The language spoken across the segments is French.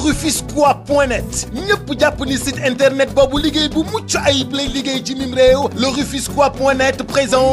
lerufisquois.net ñëpp jàpp ni site internet boobu liggéey bu mucc ayib lay liggéey ci mim réew lerufisquois.net présent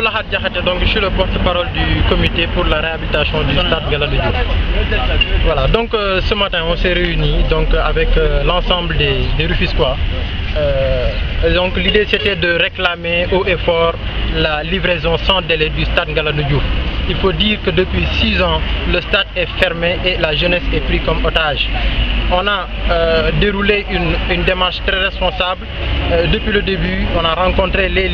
donc je suis le porte-parole du comité pour la réhabilitation du stade Galadou Voilà, donc euh, ce matin on s'est réunis donc, avec euh, l'ensemble des, des euh, donc l'idée c'était de réclamer haut et fort la livraison sans délai du stade Galadou il faut dire que depuis six ans, le stade est fermé et la jeunesse est prise comme otage. On a euh, déroulé une, démarche très responsable. Euh, depuis le début, on a rencontré les,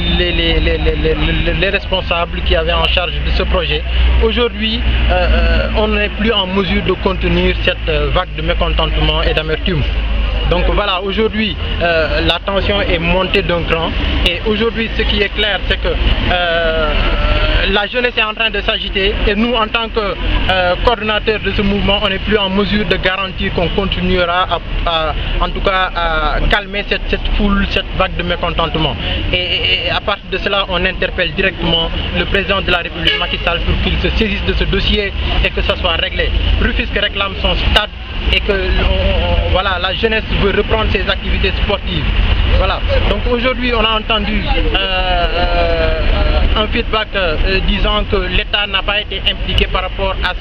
responsables qui avaient en charge de ce projet. Aujourd'hui, euh, on n'est plus en mesure de contenir cette vague de mécontentement et d'amertume. Donc voilà, aujourd'hui, euh, la tension est montée d'un cran. Et aujourd'hui, ce qui est clair, c'est que euh, la jeunesse est en train de s'agiter. Et nous, en tant que euh, coordonnateurs de ce mouvement, on n'est plus en mesure de garantir qu'on continuera à, en tout cas, à calmer cette, foule, cette vague de mécontentement. Et, à partir de cela, on interpelle directement le président de la République, Macky pour qu'il se saisisse de ce dossier et que ça soit réglé. Rufisque réclame son stade et que l'on voilà, la jeunesse veut reprendre ses activités sportives. Voilà. Donc aujourd'hui, on a entendu euh, euh, un feedback euh, disant que l'État n'a pas été impliqué par rapport à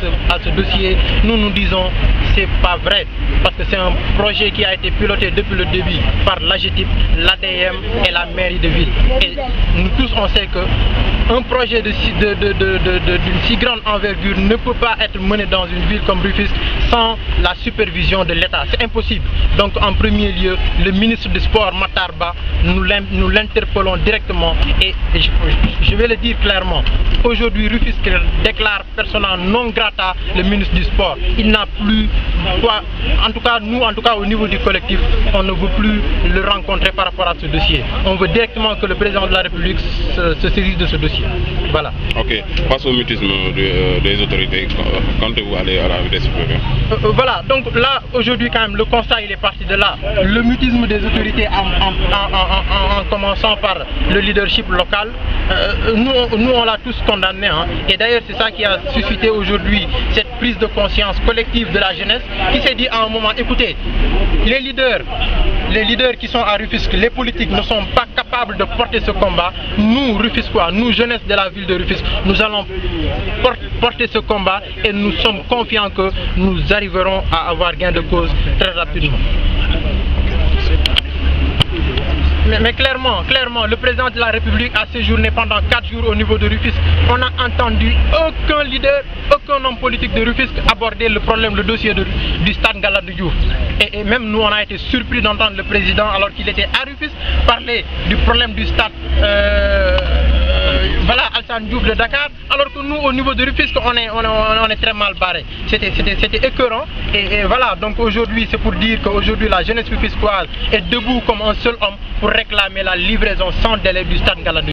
ce, dossier. Nous, nous disons ce n'est pas vrai parce que c'est un projet qui a été piloté depuis le début par l'AGTIP, l'ADM et la mairie de ville. Et nous tous on sait que un projet d'une de, si grande envergure ne peut pas être mené dans une ville comme Rufisque sans la supervision de l'État. C'est impossible. Donc en premier lieu, le ministre du Sport, Matarba, nous l'interpellons directement et je vais le dire clairement. Aujourd'hui, Rufus déclare personnellement non grata le ministre du Sport. Il n'a plus, quoi en tout cas nous, en tout cas au niveau du collectif, on ne veut plus le rencontrer par rapport à ce dossier. On veut directement que le président de la République se, saisisse de ce dossier. Voilà. Ok. passe au mutisme euh, des autorités, quand euh, vous allez à la vitesse supérieure euh, Voilà. Donc là, aujourd'hui quand même, le constat il est parti de là. Le mutisme des autorités en en, commençant par le leadership local, euh, nous, nous, on l'a tous condamné. Hein. Et d'ailleurs, c'est ça qui a suscité aujourd'hui cette prise de conscience collective de la jeunesse qui s'est dit à un moment, écoutez, les leaders, les leaders qui sont à Rufisque, les politiques ne sont pas capables de porter ce combat. Nous, Rufuscois, nous, jeunesse de la ville de Rufusque, nous allons porter ce combat et nous sommes confiants que nous arriverons à avoir gain de cause très rapidement mais, clairement, clairement, le président de la République a séjourné pendant 4 jours au niveau de Rufisque. On n'a entendu aucun leader, aucun homme politique de Rufisque aborder le problème, le dossier du stade Galadou. Et, même nous, on a été surpris d'entendre le président, alors qu'il était à Rufisque, parler du problème du stade. Euh, double Dakar, alors que nous, au niveau de Rufisque, on est, on, est, très mal barré. C'était écœurant. Et, voilà, donc aujourd'hui, c'est pour dire qu'aujourd'hui, la jeunesse fiscale est debout comme un seul homme pour réclamer la livraison sans délai du stade Galadou.